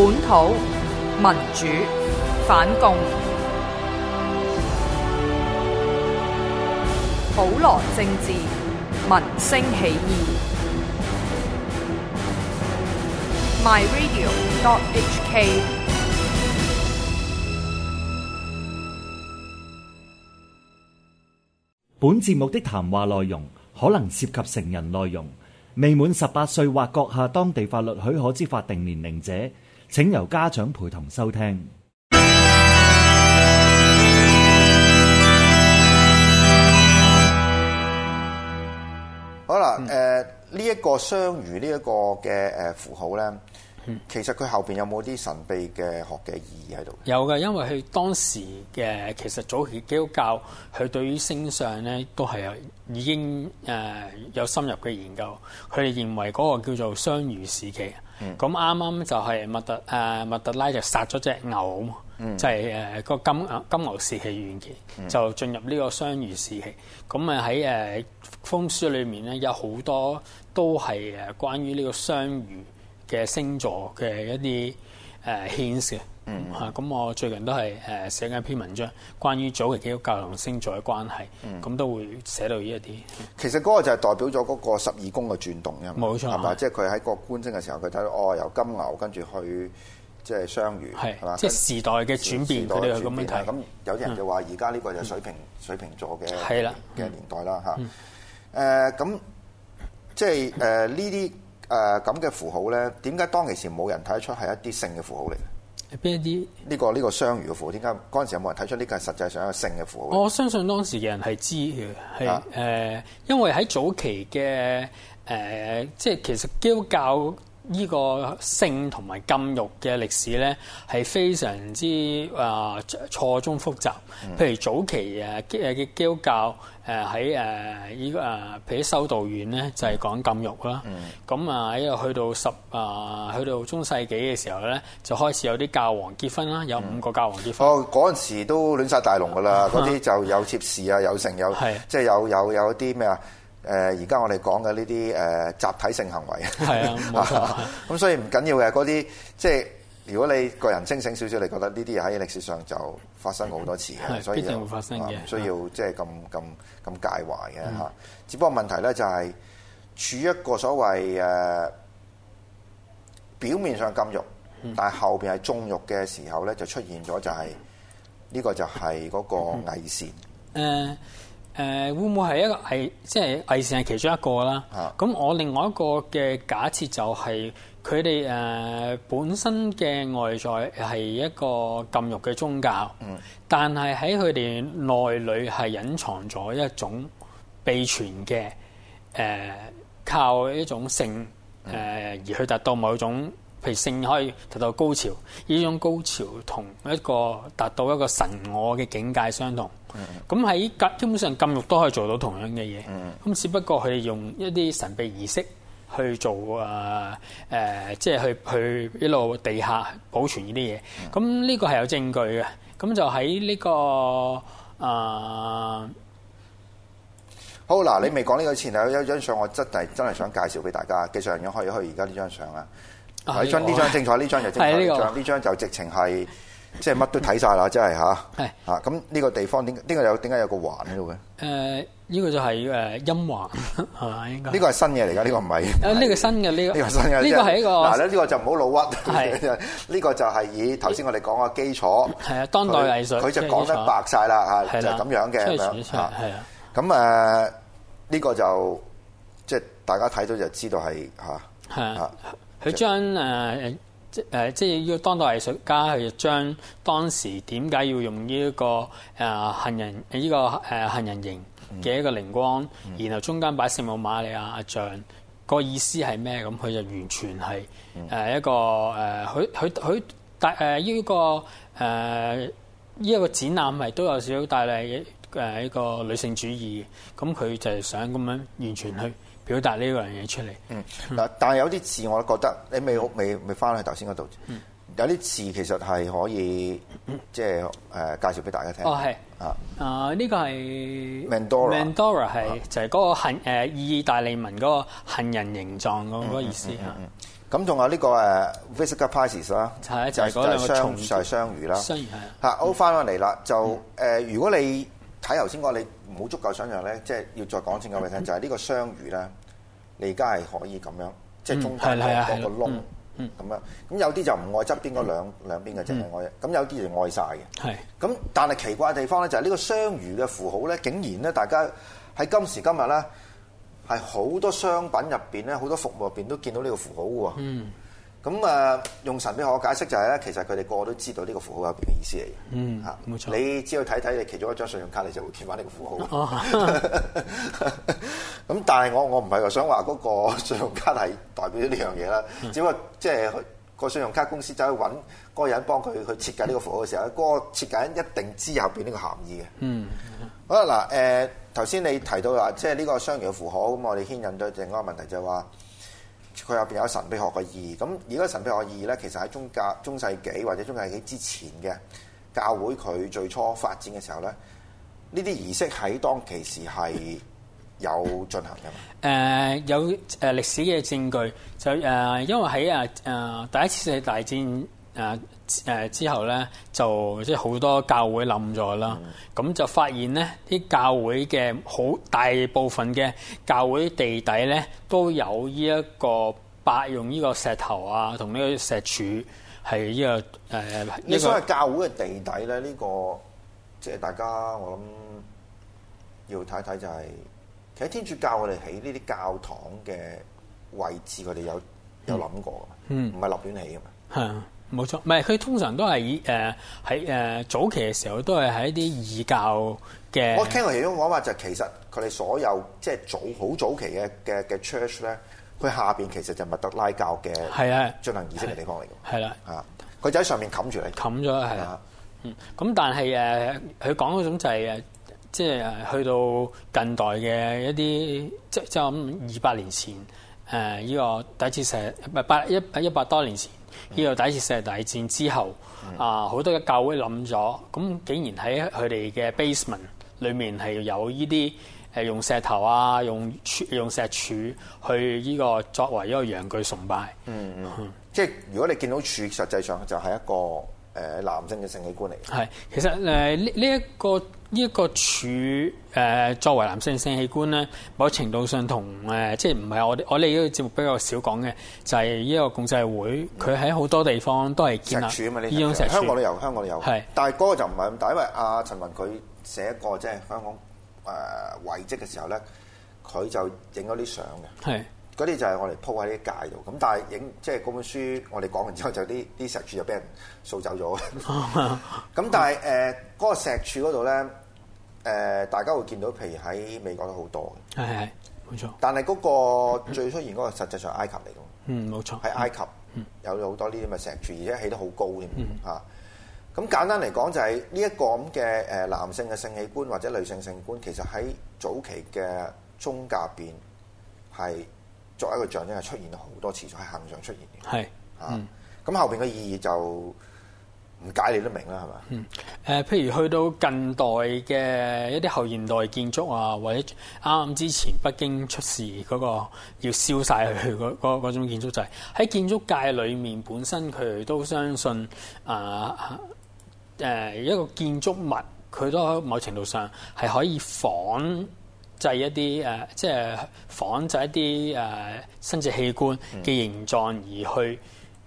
本土民主反共，普羅政治民聲起義。My Radio. dot H K。本節目的談話內容可能涉及成人內容，未滿十八歲或閣下當地法律許可之法定年齡者。請由家長陪同收聽好。好、嗯、啦、呃，誒，呢一個雙魚呢一個嘅誒符號咧。其實佢後邊有冇啲神秘嘅學嘅意義喺度？有嘅，因為佢當時嘅其實早期基督教佢對於星相咧都係有已經誒、呃、有深入嘅研究。佢哋認為嗰個叫做雙魚時期，咁啱啱就係麥特誒麥、呃、特拉就殺咗隻牛，嗯、就係誒個金牛金牛時期完結，就進入呢個雙魚時期。咁啊喺誒風書裏面咧有好多都係誒關於呢個雙魚。嘅星座嘅一啲誒 hint 嘅，咁、呃嗯啊、我最近都係、呃、寫緊一篇文章，關於早期基督教同星座嘅關係，咁、嗯、都會寫到呢一啲。其實嗰個就係代表咗嗰個十二宮嘅轉動，冇錯，係嘛？即係佢喺個觀星嘅時候，佢睇到哦，由金牛跟住去即係雙魚，係嘛？即係時代嘅轉變，佢哋咁樣睇。咁有啲人就話：而家呢個就水瓶、嗯、水瓶座嘅啦嘅年代啦咁、嗯啊、即係呢啲。呃嗯誒咁嘅符號咧，點解當其時冇人睇得出係一啲性嘅符號嚟嘅？邊一啲？呢個呢個雙魚嘅符號，點解嗰陣時有冇人睇出呢個係實際上係性嘅符號？我相信當時嘅人係知嘅，係誒、啊呃，因為喺早期嘅誒、呃，即係其實基督教。依個性同埋禁欲嘅歷史咧，係非常之啊錯綜複雜。譬如早期誒嘅嘅基督教誒喺誒依個啊，譬如修道院咧就係講禁欲啦。咁啊喺去到十啊去到中世紀嘅時候咧，就開始有啲教皇結婚啦，有五個教皇結婚。哦，嗰陣時都亂曬大龍噶啦，嗰啲就有妾侍啊，有成有即係有有有啲咩啊？誒而家我哋講嘅呢啲誒集體性行為，係啊，冇錯。咁、 嗯、所以唔緊要嘅，嗰啲即係如果你個人清醒少少，你覺得呢啲喺歷史上就發生過好多次嘅，所以必定會發生嘅，唔需要即係咁咁咁介懷嘅嚇。嗯、只不過問題咧就係、是、處於一個所謂誒、呃、表面上禁欲，嗯、但係後邊係縱欲嘅時候咧，就出現咗就係、是、呢、這個就係嗰個偽善。嗯嗯呃誒會唔會係一個係即係藝術係其中一個啦。咁、啊、我另外一個嘅假設就係佢哋誒本身嘅外在係一個禁欲嘅宗教，嗯、但係喺佢哋內裏係隱藏咗一種秘傳嘅誒靠一種性誒、呃、而去達到某種譬如性可以達到高潮，呢種高潮同一個達到一個神我嘅境界相同。咁喺禁基本上禁慾都可以做到同樣嘅嘢，咁、嗯嗯嗯、只不過佢用一啲神秘儀式去做啊誒、呃，即係去去一路地下保存呢啲嘢。咁呢個係有證據嘅。咁就喺呢、呢個啊、呃、好嗱，你未講呢個前，有有一張相，我真係真係想介紹俾大家，記者朋友可以去而家呢張相啊。啊，呢張精彩，呢、啊張，啊張，啊張，張，這個、張就精彩，呢張就直情係。即係乜都睇曬啦，真係嚇！係嚇咁呢個地方點？呢、這個有點解有個環喺度嘅？誒、呃、呢、這個就係、是、誒、呃、陰環係嘛？應該呢個係新嘢嚟㗎，呢、這個唔係。呢、呃這個新嘅呢、這個呢、這個新嘅，呢、這個係、這個、一個嗱咧，呢、啊這個就唔好老屈。係呢 個就係以頭先我哋講嘅基礎係啊，當代藝術佢就講得白曬啦嚇，就咁、是、樣嘅嚇啊。咁誒呢個就即係大家睇到就知道係吓係啊。佢將誒。啊即係，即係要當代藝術家去將當時點解要用呢一個誒杏仁呢個誒杏仁形嘅一個靈光，然後中間擺聖母瑪利亞像，個意思係咩？咁佢就完全係一個誒，佢佢佢呢個呢、呃這個展覽係都有少少帶嚟誒一個女性主義。咁佢就想咁樣完全去。表達呢樣嘢出嚟。嗯，嗱、嗯，但係有啲字，我覺得你未好，未未翻去頭先嗰度。有啲字其實係可以，即、嗯、係、呃、介紹俾大家聽。哦，係。啊啊，呢、呃這個係 Mandora。Mandora, Mandora 是、嗯、就係、是、嗰個意大利文嗰個杏仁形狀嗰、嗯那個、意思嚇。咁、嗯、仲、嗯嗯嗯、有呢個 Vesica Piscis 啦、就是，就係、是、嗰個、就是、雙就係雙魚啦。雙魚 o 翻落嚟啦，就、嗯呃、如果你睇頭先嗰你冇足夠想像咧，即係要再講清楚俾你聽，就係、是、呢個雙魚啦。你而家係可以咁樣，即係中間嗰個窿，咁、嗯嗯嗯、樣咁有啲就唔愛側邊嗰兩、嗯、兩邊嘅淨係，愛嘅，咁有啲就愛晒嘅。係、嗯、咁，但係奇怪嘅地方咧，就係、是、呢個雙魚嘅符號咧，竟然咧，大家喺今時今日咧，係好多商品入邊咧，好多服務入邊都見到呢個符號嘅喎。嗯咁誒，用神秘學解釋就係咧，其實佢哋個個都知道呢個符號有邊個意思嚟嘅。嗯，嚇，冇錯。你只要睇睇你其中一張信用卡，你就會見翻呢個符號、哦。咁 但係我我唔係話想話嗰個信用卡係代表咗呢樣嘢啦，嗯、只不過即係個信用卡公司走去揾嗰個人幫佢去設計呢個符號嘅時候，嗰、那個設計一定知道後邊呢個含義嘅。嗯，好。好啦，嗱，誒，頭先你提到話，即係呢個商業嘅符號，咁我哋牽引到另外一個問題就係、是、話。佢入邊有神秘學嘅意義，咁而家神秘學意義咧，其實喺宗教中世紀或者中世紀之前嘅教會，佢最初發展嘅時候咧，呢啲儀式喺當其時係有進行嘅。誒、呃、有誒歷史嘅證據，就誒、呃、因為喺誒誒第一次世界大戰。誒、啊、誒之後咧，就即係好多教會冧咗啦。咁就發現咧，啲教會嘅好大部分嘅教會地底咧，都有呢、這、一個白用呢個石頭啊，同呢個石柱係呢、嗯這個誒、呃。你所謂、這個、教會嘅地底咧？呢、這個即係大家我諗要睇睇就係、是、其實天主教我哋起呢啲教堂嘅位置，我哋有有諗過啊？嗯，唔、嗯、係立亂起噶嘛，係啊。冇錯，唔係佢通常都係以誒喺誒早期嘅時候都係喺一啲異教嘅。我聽佢其中講話就其實佢哋所有即係早好早期嘅嘅嘅 church 咧，佢下邊其實就麥特拉教嘅啊，進行儀式嘅地方嚟㗎。係啦，啊，佢就喺上面冚住嚟，冚咗係啊。嗯，咁但係誒，佢講嗰種就係誒，即係誒去到近代嘅一啲，即即係咁二百年前誒呢個第一次成，唔係八一一百多年前，呢個第一次世界大戰之後，啊，好多嘅教會諗咗，咁竟然喺佢哋嘅 basement 裏面係有呢啲，係用石頭啊，用用石柱去呢個作為一個陽具崇拜嗯。嗯，即係如果你見到柱，實際上就係一個。誒、呃、男性嘅性器官嚟，係其實誒呢呢一個呢一、呢個柱誒、呃、作為男性嘅性器官咧，某程度上同誒、呃、即係唔係我我哋呢個節目比較少講嘅，就係呢一個共濟會，佢喺好多地方都係建立啦。石柱啊嘛，呢種香港都有，香港都有。係，但係嗰個就唔係咁大，因為阿、啊、陳文佢寫一個即係香港誒、呃、遺跡嘅時候咧，佢就影咗啲相嘅。係。嗰啲就係我哋鋪喺呢界度，咁但係影即係嗰本書我哋講完之後，就啲啲石柱就俾人掃走咗。咁 但係誒嗰個石柱嗰度咧，誒、呃、大家會見到，譬如喺美國都好多嘅，係係冇錯。但係嗰個最出現嗰個實際上係埃及嚟嘅，嗯，冇錯，喺埃及、嗯、有好多呢啲咪石柱，而且起得好高添嚇。咁、嗯啊、簡單嚟講，就係呢一個咁嘅誒男性嘅性器官或者女性性器官，其實喺早期嘅宗教入邊係。作為一個象徵係出現咗好多次，喺行上出現嘅。係、嗯、啊，咁後邊嘅意義就唔解你都明啦，係嘛？嗯，誒、呃，譬如去到近代嘅一啲後現代建築啊，或者啱啱之前北京出事嗰個要燒晒佢嗰種建築就係喺建築界裏面本身佢都相信啊誒、呃呃、一個建築物佢都在某程度上係可以仿製、就是、一啲誒，即、啊、係、就是、仿製一啲誒生殖器官嘅形狀，而去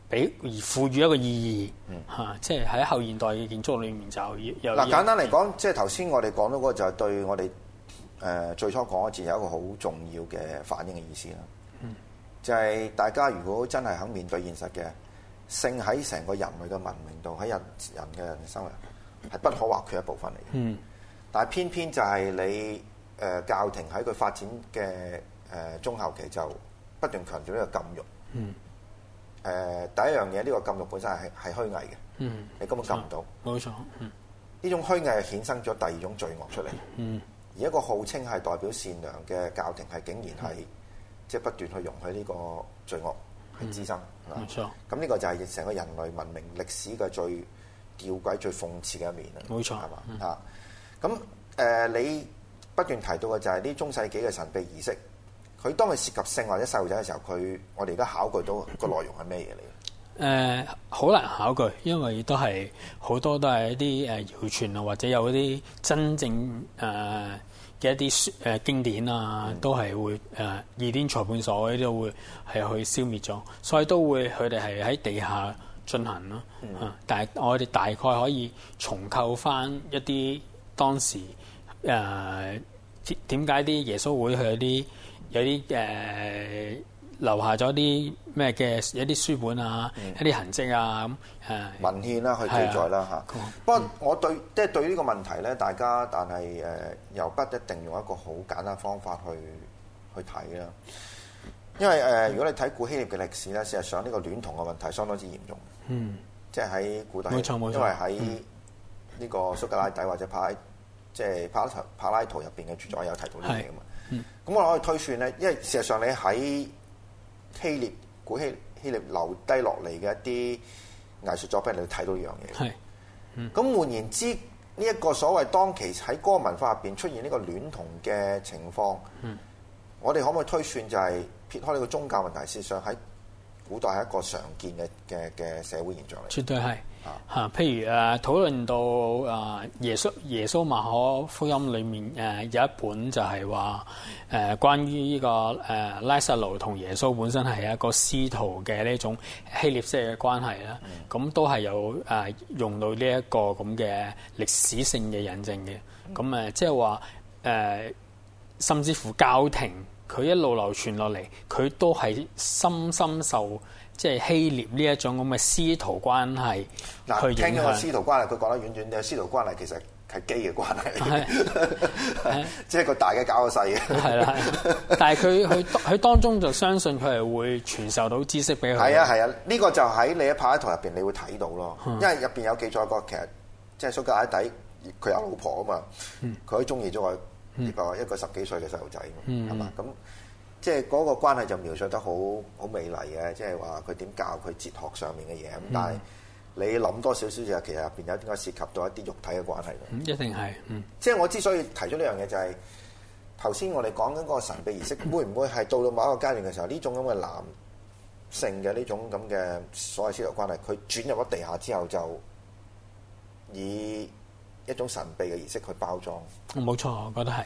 俾而賦予一個意義嚇。即係喺後現代嘅建築裏面就有有、啊，就要嗱簡單嚟講，即係頭先我哋講到嗰個，就係對我哋誒、呃、最初講嗰字有一個好重要嘅反應嘅意思啦、嗯。就係、是、大家如果真係肯面對現實嘅性喺成個人類嘅文明度喺人人嘅生活係不可或缺一部分嚟嘅。但係偏偏就係你。誒教廷喺佢發展嘅誒中後期就不斷強調呢個禁欲。嗯。誒、呃、第一樣嘢，呢、這個禁欲本身係係虛偽嘅。嗯。你根本禁唔到。冇錯。呢、嗯、種虛偽係衍生咗第二種罪惡出嚟、嗯。而一個號稱係代表善良嘅教廷，係竟然係即係不斷去容許呢個罪惡去滋生。冇、嗯、錯。咁、嗯、呢個就係成個人類文明歷史嘅最吊詭、最諷刺嘅一面啦。冇錯。係嘛？嚇、嗯。咁誒、呃，你？不斷提到嘅就係啲中世紀嘅神秘儀式，佢當佢涉及性或者細路仔嘅時候，佢我哋而家考據到個內容係咩嘢嚟嘅？誒、呃，好難考據，因為都係好多都係一啲誒謠傳啊，或者有一啲真正誒嘅、呃、一啲誒經典啊，嗯、都係會誒異端裁判所都會係去消滅咗，所以都會佢哋係喺地下進行咯。嚇、嗯，但係我哋大概可以重構翻一啲當時。誒點解啲耶穌會佢啲有啲誒、呃、留下咗啲咩嘅一啲書本啊、嗯、一啲痕跡啊咁、嗯、文獻啦、啊、去記載啦嚇。不過我對即係、嗯、對呢個問題咧，大家但係誒又不一定用一個好簡單的方法去去睇啦。因為誒、呃、如果你睇古希臘嘅歷史咧，事實上呢個戀童嘅問題相當之嚴重。嗯，即係喺古代，沒因為喺呢個蘇格拉底、嗯、或者柏拉。即係柏拉柏拉圖入邊嘅著作有提到呢啲嘢啊嘛，咁、嗯、我哋可以推算咧，因為事實上你喺希臘古希希臘留低落嚟嘅一啲藝術作品，看到，你睇到呢樣嘢。咁、嗯、換言之，呢、這、一個所謂當期喺嗰文化入邊出現呢個戀童嘅情況，嗯、我哋可唔可以推算就係撇開呢個宗教問題，事實上喺古代係一個常見嘅嘅嘅社會現象嚟，絕對係嚇、啊。譬如誒、呃、討論到誒、呃、耶穌耶穌馬可福音裡面誒、呃、有一本就係話誒關於呢、這個誒、呃、拉撒路同耶穌本身係一個司徒嘅呢種希臘式嘅關係啦，咁、嗯、都係有誒、呃、用到呢一個咁嘅歷史性嘅引證嘅。咁誒、呃、即係話誒，甚至乎教廷。佢一路流傳落嚟，佢都係深深受即係希臘呢一種咁嘅師徒關係，去影響。聽咗個師徒關係，佢講得遠遠。嘅師徒關係其實係基嘅關係是 是的笑是的笑是，即係個大嘅搞個細嘅。係啦，但係佢佢佢當中就相信佢係會傳授到知識俾佢。 係啊係啊，呢、呢個就喺你柏拉圖入邊，你會睇到咯。因為入邊有記載過，其實即係蘇格拉底，佢有老婆啊嘛，佢都中意咗。我。一、嗯、個一個十幾歲嘅細路仔，係、嗯、嘛？咁即係嗰個關係就描寫得好好美麗嘅，即係話佢點教佢哲學上面嘅嘢。咁、嗯、但係你諗多少少嘢，其實入邊有應該涉及到一啲肉體嘅關係。一定係，即、嗯、係、就是、我之所以提出呢樣嘢，就係頭先我哋講緊個神秘儀式，會唔會係到到某一個階段嘅時候，呢、嗯、種咁嘅男性嘅呢種咁嘅所謂師徒關係，佢轉入咗地下之後就以一種神秘嘅儀式去包裝，冇錯，我覺得係。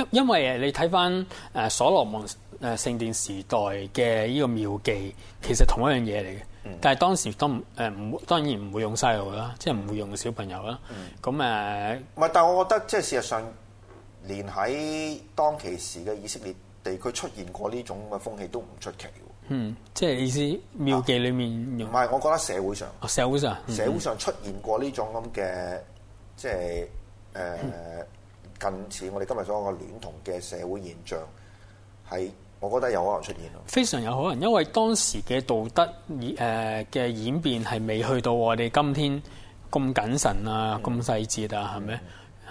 因因為你睇返誒所羅門誒聖殿時代嘅呢個廟妓，其實係同一樣嘢嚟嘅。但係當時都誒唔當然唔會用細路啦，即係唔會用小朋友啦。咁誒，唔係、嗯嗯，但係我覺得即係事實上，連喺當其時嘅以色列地區出現過呢種嘅風氣都唔出奇啊啊。嗯、啊，即係意思廟妓裡面，唔係我覺得社會上，哦、社會上、嗯、社會上出現過呢種咁嘅。即係誒、呃、近似我哋今日所講嘅戀童嘅社會現象，係我覺得有可能出現咯。非常有可能，因為當時嘅道德誒嘅、呃、演變係未去到我哋今天咁謹慎啊、咁、嗯、細節啊，係咪？係、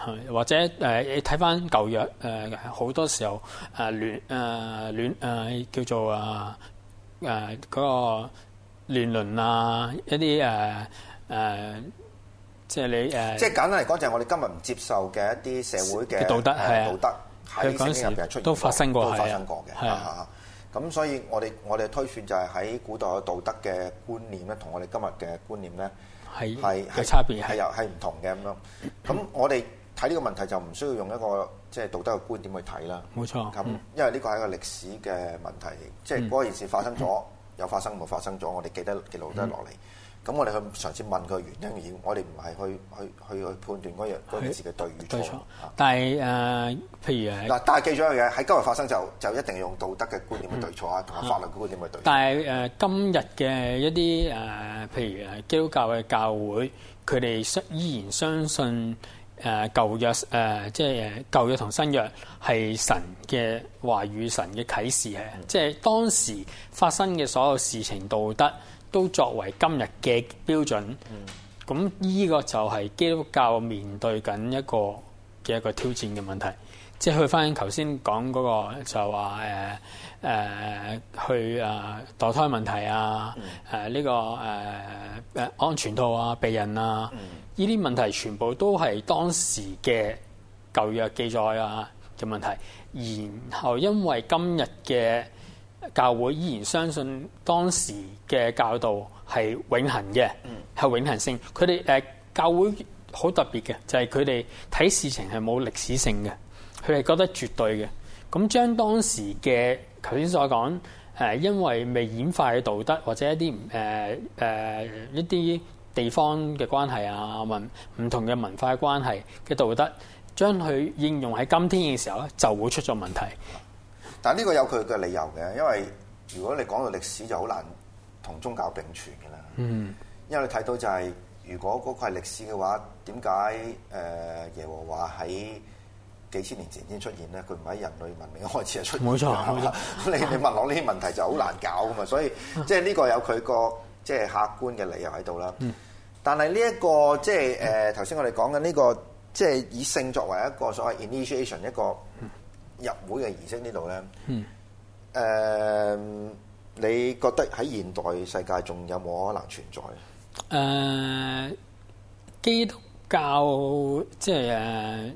嗯、或者、呃、你睇翻舊約誒，好、呃、多時候誒戀亂誒亂誒叫做啊誒嗰個亂倫啊一啲誒誒。呃呃即、就、係、是、你誒，即係簡單嚟講，就係我哋今日唔接受嘅一啲社會嘅道德係啊，道德喺聖經入邊出現都發生過，都發生過嘅。咁所以我哋我哋推算就係喺古代嘅道德嘅觀念咧，同我哋今日嘅觀念咧係係差別，係又係唔同嘅咁樣。咁我哋睇呢個問題就唔需要用一個即係、就是、道德嘅觀點去睇啦。冇錯。咁、嗯、因為呢個係一個歷史嘅問題，即係嗰件事發生咗、嗯，有發生冇、嗯、發生咗，我哋記得記錄得落嚟。嗯咁我哋去嘗試問個原因而，我哋唔係去去去去判斷嗰樣件事嘅對與錯。錯啊、但係誒、呃，譬如嗱，但係記咗一樣嘢，喺今日發生就就一定要用道德嘅觀念嘅對錯啊，同埋法律嘅觀念嘅對錯。嗯，對錯，嗯嗯、但係、呃、今日嘅一啲誒、呃，譬如係基督教嘅教會，佢哋相依然相信。誒，舊約誒，即係舊約同新約係神嘅話語，神嘅啟示係，嗯、即係當時發生嘅所有事情道德都作為今日嘅標準。咁、嗯、呢個就係基督教面對緊一個嘅一個挑戰嘅問題。即係、那個呃呃、去翻頭先講嗰個就係話誒去啊墮胎問題啊誒呢、嗯啊呢個誒誒、呃、安全套啊避孕啊呢啲、嗯、問題，全部都係當時嘅舊約記載啊嘅問題。然後因為今日嘅教會依然相信當時嘅教導係永恆嘅，係、嗯、永恆性。佢哋誒教會好特別嘅，就係佢哋睇事情係冇歷史性嘅。佢哋覺得絕對嘅，咁將當時嘅頭先所講，誒，因為未演化嘅道德，或者一啲唔誒誒一啲地方嘅關係啊，文唔同嘅文化嘅關係嘅道德，將佢應用喺今天嘅時候咧，就會出咗問題。但係呢個有佢嘅理由嘅，因為如果你講到歷史就好難同宗教並存嘅啦。嗯，因為你睇到就係、是，如果嗰個係歷史嘅話，點解誒耶和華喺幾千年前先出現咧，佢唔係喺人類文明開始就出現的。冇錯，你你問我呢啲問題就好難搞噶嘛，嗯，所以即係呢個有佢個即係、就是、客觀嘅理由喺度啦。但係呢一個即係誒頭先我哋講緊呢個即係、就是、以性作為一個所謂 initiation 一個入會嘅儀式呢度咧。誒、嗯呃，你覺得喺現代世界仲有冇可能存在？誒、呃，基督教即係誒。就是呃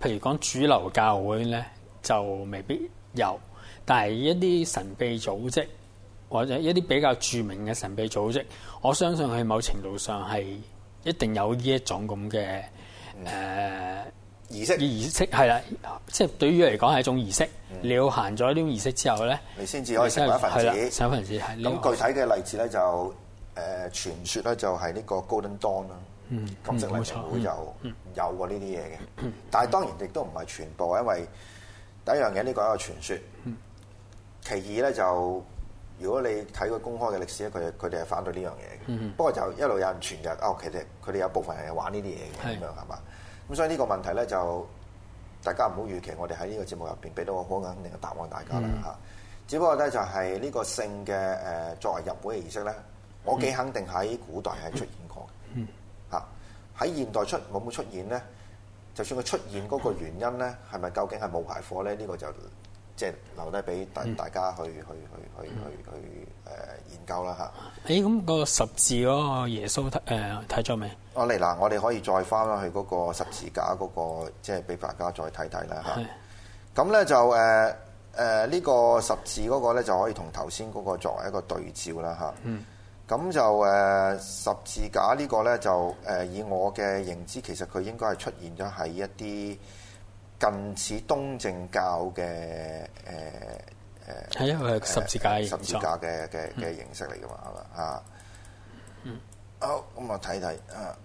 譬如講主流教會咧，就未必有，但係一啲神秘組織或者一啲比較著名嘅神秘組織，我相信喺某程度上係一定有呢一種咁嘅誒儀式嘅儀式，係啦，即係對於嚟講係一種儀式。嗯、你要行咗呢種儀式之後咧，你先至可以成為一份子。成為一份子。咁具體嘅例子咧就誒、呃、傳說咧就係呢個 Golden Dawn 啦。咁殖民社會就有、嗯嗯、有過呢啲嘢嘅，但係當然亦都唔係全部，因為第一樣嘢呢個係個傳說，嗯、其二咧就如果你睇佢公開嘅歷史咧，佢佢哋係反對呢樣嘢嘅。不過就一路有人傳嘅，哦，其實佢哋有部分人係玩呢啲嘢嘅，咁樣係嘛？咁所以呢個問題咧就大家唔好預期，我哋喺呢個節目入面俾到個好肯定嘅答案大家啦、嗯、只不過咧就係呢個性嘅誒、呃、作為入會嘅儀式咧，我幾肯定喺古代係出現。嗯嗯。喺現代出有冇出現咧？就算佢出現嗰個原因咧，係咪究竟係冒牌貨咧？呢、這個就即係留低俾大大家去、嗯、去去去去去誒、呃嗯、研究啦吓，誒、哎、咁、那個十字嗰個耶穌誒睇咗未？我嚟嗱，我哋可以再翻去嗰個十字架嗰、那個，即係俾大家再睇睇啦吓，咁、啊、咧就誒誒呢個十字嗰個咧，就可以同頭先嗰個作為一個對照啦嚇。啊嗯咁就誒十字架呢個咧就誒以我嘅認知，其實佢應該係出現咗喺一啲近似東正教嘅誒誒，係因為十字架十字架嘅嘅嘅形式嚟㗎嘛啦嚇。嗯。好，咁我睇睇啊。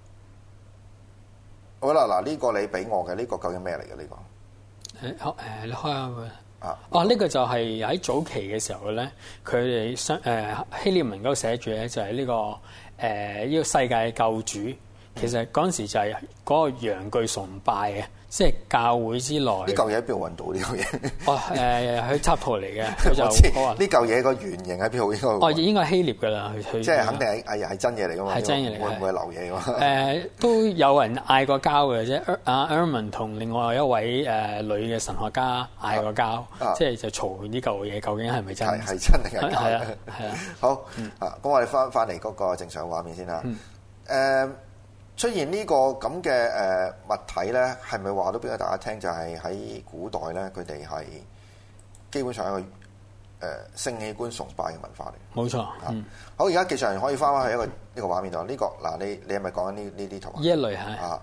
好啦，嗱、嗱、呢個你俾我嘅呢、呢個究竟咩嚟嘅呢個？誒好誒，你開下佢。開開啊！哦、啊，呢、這個就係喺早期嘅時候咧，佢哋希誒希臘文嗰度寫住咧，就係、是、呢、這個誒呢、呃這個世界嘅救主。嗯、其實嗰時就係嗰個陽具崇拜嘅，即、就、係、是、教會之內。呢嚿嘢喺邊度揾到呢嚿嘢？哦，誒、呃，佢插圖嚟嘅。 我知呢嚿嘢個東西的原型喺邊度？應該哦，應該係希臘噶啦。佢即係肯定係係係真嘢嚟噶嘛？係真嘢嚟。會唔會係流嘢噶？誒、呃，都有人嗌過交嘅啫。阿 m 恩 n 同另外一位誒、呃、女嘅神學家嗌過交、啊，即係就嘈呢嚿嘢究竟係咪真的？係係真定係假啊？係啊，啊，好、嗯、啊，咁我哋翻翻嚟嗰個正常畫面先啦。誒、嗯。嗯雖然呢、這個咁嘅誒物體咧，係咪話到俾大家聽？就係、是、喺古代咧，佢哋係基本上一個誒性器官崇拜嘅文化嚟。冇錯。嗯。好，而家技術人員可以翻翻去一個呢、這個畫面度。呢、這個嗱，你你係咪講緊呢呢啲圖？呢一類係啊。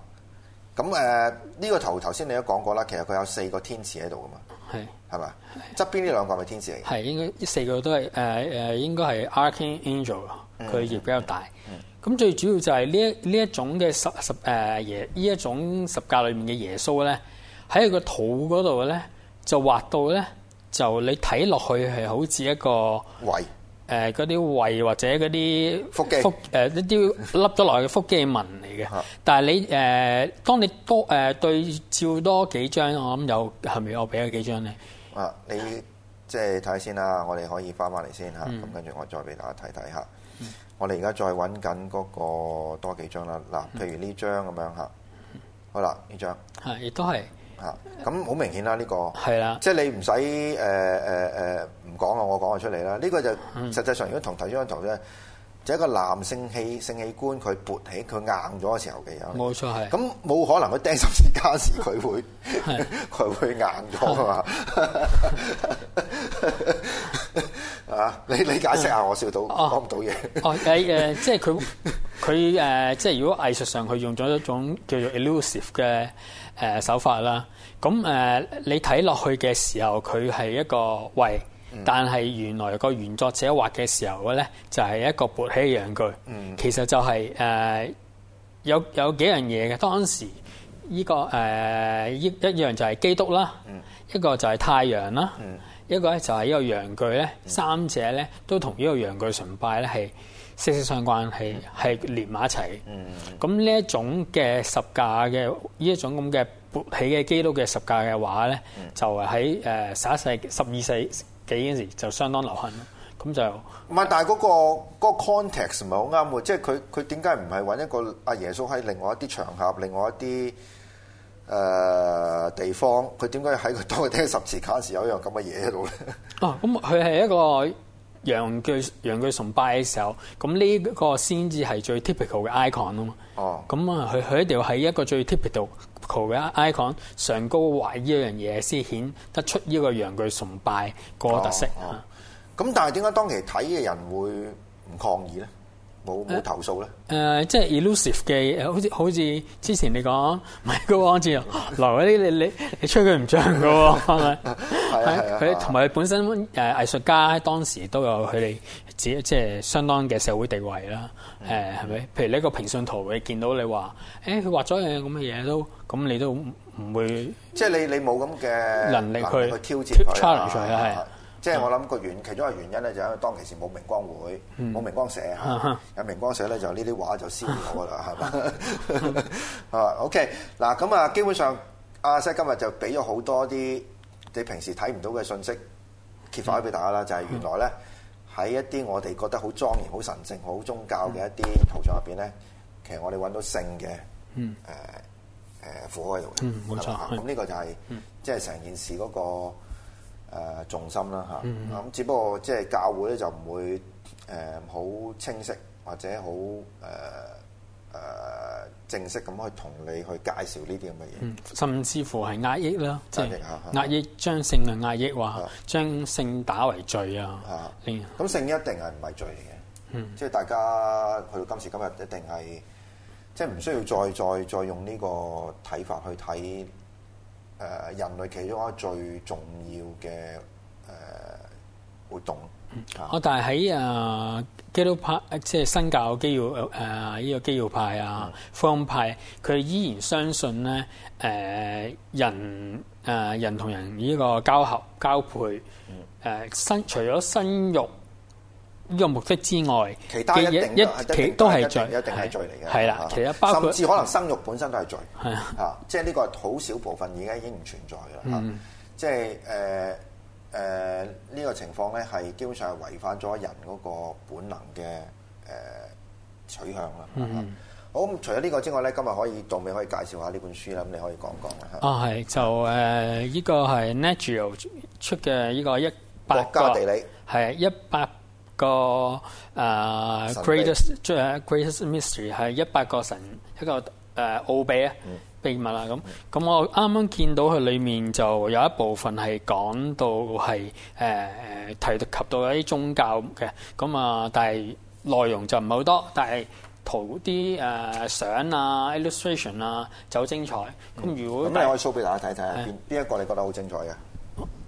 咁誒，呢個圖頭先你都講過啦，其實佢有四個天使喺度噶嘛。係。係嘛？側邊呢兩個係咪天使嚟？係應該，呢四個都係誒誒，應該係 Archangel，佢、嗯、亦比較大。咁最主要就係呢一呢一種嘅十十誒耶呢一種十架裏面嘅耶穌咧，喺個肚嗰度咧就畫到咧，就你睇落去係好似一個胃誒嗰啲胃或者嗰啲腹肌誒一啲凹咗落去嘅腹肌紋嚟嘅。 但係你誒、呃，當你多誒對、呃、照多幾張，我諗有係咪我俾咗幾張咧？啊，你即係睇先啦，我哋可以翻翻嚟先嚇，咁跟住我再俾大家睇睇嚇。嗯我哋而家再揾緊嗰個多幾張啦，嗱，譬如呢張咁樣吓，好啦，呢張係亦都係咁好明顯啦，呢個係啦，即係你唔使誒誒唔講啊，我講咗出嚟啦，呢、這個就實際上如果同頭先張圖咧，就係、一個男性器性器官佢勃起佢硬咗嘅時候嘅樣，冇錯係，咁冇可能佢釘十字架時佢會佢 會硬咗啊嘛。 你你解釋下、嗯，我笑到講唔到嘢。哦、啊啊啊啊，即係佢佢即係如果藝術上佢用咗一種叫做 elusive 嘅手法啦。咁、啊、你睇落去嘅時候，佢係一個喂，嗯、但係原來個原作者畫嘅時候嘅咧，就係、是、一個勃起嘅陽具。嗯，其實就係、是呃、有有幾樣嘢嘅。當時呢、這個一、呃、一樣就係基督啦，嗯、一個就係太陽啦。嗯一個咧就係呢個陽具咧，三者咧都同呢個陽具崇拜咧係息息相關係係連埋一齊。咁、嗯、呢一種嘅十架嘅呢一種咁嘅勃起嘅基督嘅十架嘅畫咧，就係喺誒十一世、十、嗯、二世幾嗰時就相當流行咯。咁就唔係、那個，但係嗰個 context 唔係好啱喎。即係佢佢點解唔係揾一個阿、啊、耶穌喺另外一啲場合、另外一啲？誒、呃、地方，佢點解喺佢當佢聽十字卡時有樣咁嘅嘢喺度咧？哦、啊，咁佢係一個陽具陽具崇拜嘅時候，咁呢個先至係最 typical 嘅 icon 啊嘛。哦，咁啊，佢佢一定要喺一個最 typical 嘅 icon，上高畫一樣嘢先顯得出呢個陽具崇拜個特色。咁、啊啊、但係點解當其時睇嘅人會唔抗議咧？冇冇投訴咧、呃？即係 elusive 嘅好似好似之前你講，唔係嘅喎，似來啲你你你吹佢唔漲嘅喎，係 咪？係佢同埋佢本身誒、呃、藝術家當時都有佢哋，只即係相當嘅社會地位啦。誒係咪？譬如呢一個評論圖，你見到你話，誒佢畫咗樣咁嘅嘢都，咁你都唔會，即係你你冇咁嘅能力去挑戰 challenge 嘅。即係我諗個原，其中嘅原因咧就是因為當其時冇明光會，冇、嗯、明光社、嗯、有明光社咧就呢啲畫就燒咗噶啦，係、嗯、嘛？啊 ，OK，嗱咁啊，基本上阿西今日就俾咗好多啲你平時睇唔到嘅信息揭發俾大家啦、嗯，就係、是、原來咧喺、嗯、一啲我哋覺得好莊嚴、好神聖、好宗教嘅一啲圖像入邊咧，其實我哋揾到性嘅，誒誒符號喺度嘅，冇、呃、錯，咁、呃、呢、嗯嗯、個就係、是嗯、即係成件事嗰、那個。誒、啊、重心啦嚇，咁只不過即係教會咧就唔會誒好、呃、清晰或者好誒誒正式咁去同你去介紹呢啲咁嘅嘢，甚至乎係壓抑啦，即係壓抑將性嘅壓抑話、啊、將性打為罪啊嚇，咁、啊啊啊嗯、性一定係唔係罪嚟嘅、嗯，即係大家去到今時今日一定係即係唔需要再再再用呢個睇法去睇。誒、呃、人類其中一個最重要嘅誒、呃、活動，我、嗯啊、但係喺誒基督派，即係新教基要誒呢個基要派啊、福音、這個、派，佢、啊、依然相信咧誒、啊、人誒、啊、人同人呢個交合交配誒生、啊，除咗生育。呢、這個目的之外，其他一定，一一一是一定都係罪，一定係罪嚟嘅。係啦，其實包括甚至可能生育本身都係罪。係啊，即係呢個好少部分而家已經唔存在啦、嗯。即係誒誒呢個情況咧，係基本上係違反咗人嗰個本能嘅誒、呃、取向啦、嗯啊。好，除咗呢個之外咧，今日可以到尾可以介紹下呢本書啦。咁你可以講講啦。啊、哦，係就誒呢、呃嗯這個係 Nigel 出嘅呢個一百個國家地理係一百。個、呃、誒 greatest 最、呃、greatest mystery 係一百個神一個誒、呃、奧秘啊、嗯、秘密啊，咁咁我啱啱見到佢裡面就有一部分係講到係誒、呃、提及到一啲宗教嘅咁啊，但係內容就唔係好多，但係圖啲誒相啊 illustration 啊就好精彩。咁、嗯、如果咁你可以 show 俾大家睇睇啊？邊一個你覺得好精彩嘅？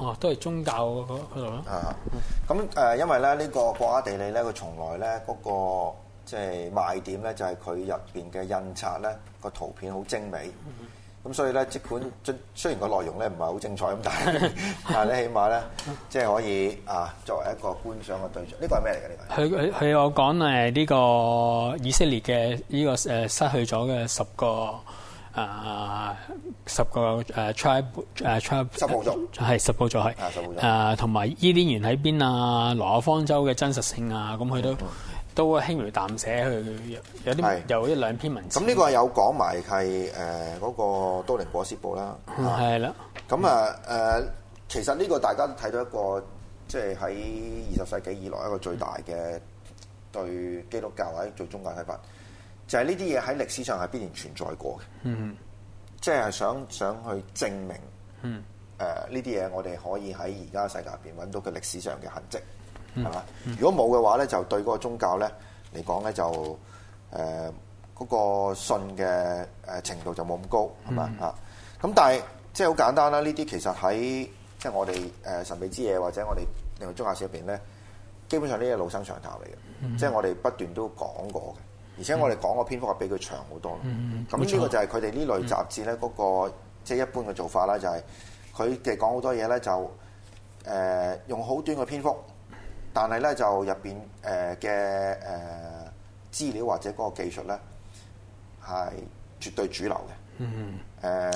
哦，都係宗教嗰個嗰度咯。啊，咁誒，因為咧呢個國家地理咧，佢從來咧嗰個即係賣點咧，就係佢入邊嘅印刷咧個圖片好精美。咁所以咧，即管儘雖然個內容咧唔係好精彩咁，但係但係你起碼咧，即係可以啊作為一個觀賞嘅對象。呢個係咩嚟㗎？呢個佢佢佢有講誒呢個以色列嘅呢個誒失去咗嘅十個。啊、呃，十個誒、呃、tribe 誒 tribe，十部族係十部族係啊，十部族誒同埋伊甸園喺邊啊？挪亞方舟嘅真實性啊，咁佢都、嗯、都輕描淡寫，佢有啲有一兩篇文字。咁、嗯、呢個有講埋係誒嗰個都靈裹屍布啦，係、啊、啦。咁、嗯嗯、啊誒、呃，其實呢個大家都睇到一個即係喺二十世紀以來一個最大嘅、嗯、對基督教或者最終界睇法。就係呢啲嘢喺歷史上係必然存在過嘅，即係、嗯、想想去證明，呢啲嘢我哋可以喺而家世界入邊揾到佢歷史上嘅痕跡，係嘛、嗯嗯？如果冇嘅話咧，就對嗰個宗教咧嚟講咧就嗰、呃嗰個信嘅程度就冇咁高，係嘛嚇？咁但係即係好簡單啦，呢啲其實喺即係我哋神秘之夜或者我哋另類宗教史入邊咧，基本上呢啲係老生常談嚟嘅，即係、嗯、我哋不斷都講過嘅。而且我哋講個篇幅係比佢長好多，咁主要就係佢哋呢類雜誌咧、那、嗰個即係、嗯就是、一般嘅做法啦，就係佢嘅講好多嘢咧，就誒用好短嘅篇幅，但係咧就入邊誒嘅誒資料或者嗰個技術咧係絕對主流嘅，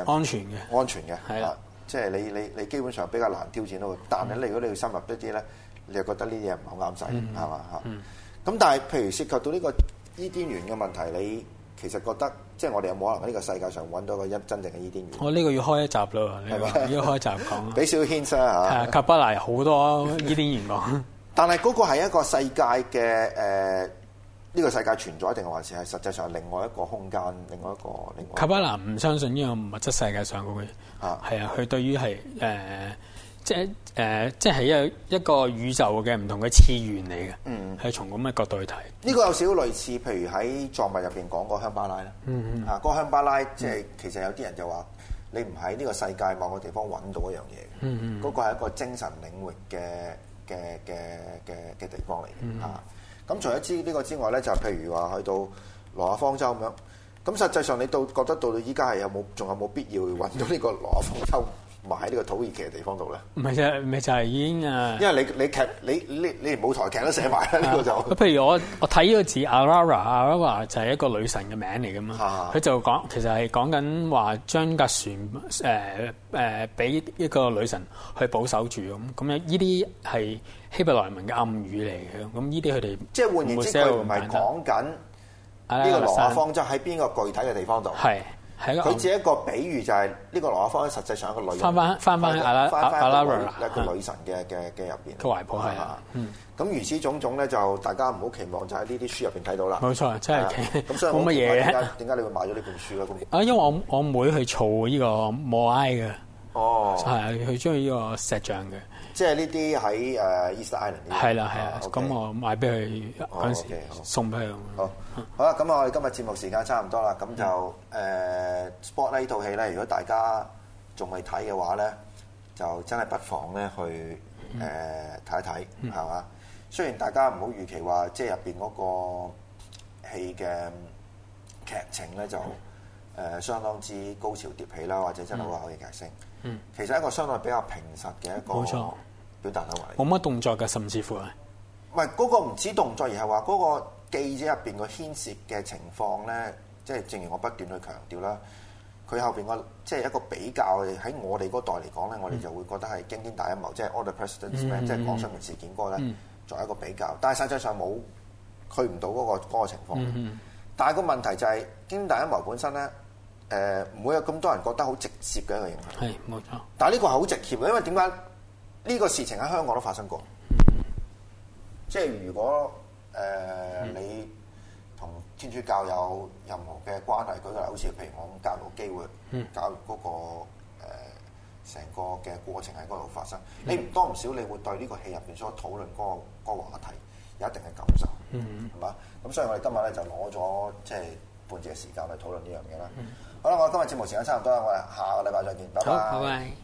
誒安全嘅，安全嘅，即係你你你基本上比較難挑戰到、嗯，但係你如果你要深入一啲咧，你就覺得呢啲嘢唔係好啱使。係嘛嚇？咁、嗯、但係譬如涉及到呢、呢個。伊甸園嘅問題，你其實覺得即係我哋有冇可能喺呢個世界上搵到個個一真正嘅伊甸園？我呢個要開一集咯，這個這個、要開一集講俾小軒先啦嚇。卡巴拉好多伊甸園噶， 但係嗰個係一個世界嘅呢、呃這個世界存在定還是係實際上係另外一個空間，另外一個？另外一個卡巴拉唔相信呢個物質世界上嗰個係啊，佢、啊、對於係即係誒、呃，即係一一個宇宙嘅唔同嘅次元嚟嘅。嗯，係從咁嘅角度去睇、嗯。呢、這個有少少類似，譬如喺藏物入邊講過香巴拉啦、就是，嗯嗯，啊，個香巴拉即係其實有啲人就話，你唔喺呢個世界某個地方揾到一樣嘢，嗯嗯，嗰、那個係一個精神領域嘅嘅嘅嘅嘅地方嚟嘅，嗯咁、啊、除咗知呢個之外咧，就是、譬如話去到羅亞方舟咁樣，咁實際上你到覺得到到依家係有冇仲有冇必要揾到呢個羅亞方舟？嗯嗯埋喺呢個土耳其嘅地方度咧，唔係啫，唔係就係已經啊，因為你你劇你你你連舞台劇都寫埋啦，呢個就。譬如我我睇呢個字，Araara 就係一個女神嘅名嚟㗎嘛，佢就講其實係講緊話將架船誒誒俾一個女神去保守住咁，咁樣呢啲係希伯來文嘅暗語嚟嘅，咁呢啲佢哋即係換言之，佢唔係講緊呢個挪亞方舟喺邊個具體嘅地方度。係。佢只一個比喻就係、是、呢、這個羅亞芳喺實際上一個女人，翻翻翻翻阿拉阿拉瑞一個女神嘅嘅嘅入邊。佢懷抱係啊，咁、啊嗯、如此種種咧就大家唔好期望就喺呢啲書入邊睇到啦。冇錯，真係咁、嗯、所以冇乜嘢？點解你會買咗呢本書咧？啊，因為我我妹去嘈呢、這個摩埃嘅，哦是，係佢中意呢個石像嘅。即係呢啲喺誒 East Island 呢啲係啦係啦，咁、okay、我買俾佢嗰陣時送俾佢、oh, okay。好，好啦，咁我哋今日節目時間差唔多啦，咁、嗯、就誒 Spotlight 呢套戲咧，如果大家仲未睇嘅話咧，就真係不妨咧去誒睇、呃、一睇，係、嗯、嘛？雖然大家唔好預期話，即係入邊嗰個戲嘅劇情咧就誒、嗯呃、相當之高潮迭起啦，或者真係好可以解釋。嗯嗯、其實一個相對比較平實嘅一個表達行為，冇乜動作嘅，甚至乎係唔係嗰個唔止動作，而係話嗰個記者入面個牽涉嘅情況咧，即、就、係、是、正如我不斷去強調啦，佢後邊個即係一個比較喺我哋嗰代嚟講咧，我哋就會覺得係驚天大陰謀，即係 All the President's Men，即係網上嘅事件嗰個咧，作、嗯、一個比較，但係實際上冇去唔到嗰個情況。嗯嗯、但係個問題就係、是、驚天大陰謀本身咧。誒、呃、唔會有咁多人覺得好直接嘅一個影響，冇錯。但係呢個係好直接嘅，因為點解呢個事情喺香港都發生過？嗯、即係如果誒、呃嗯、你同天主教有任何嘅關係，舉個例好似譬如我咁教育機會、教育嗰個成、呃、個嘅過程喺嗰度發生，嗯、你唔多唔少，你會對呢個戲入面所討論嗰個話題話題有一定嘅感受，嗯係嘛？咁所以我哋今日咧就攞咗即係半隻時間去討論呢樣嘢啦。嗯好啦，我今日節目時間差唔多啦，我哋下個禮拜再見，拜拜。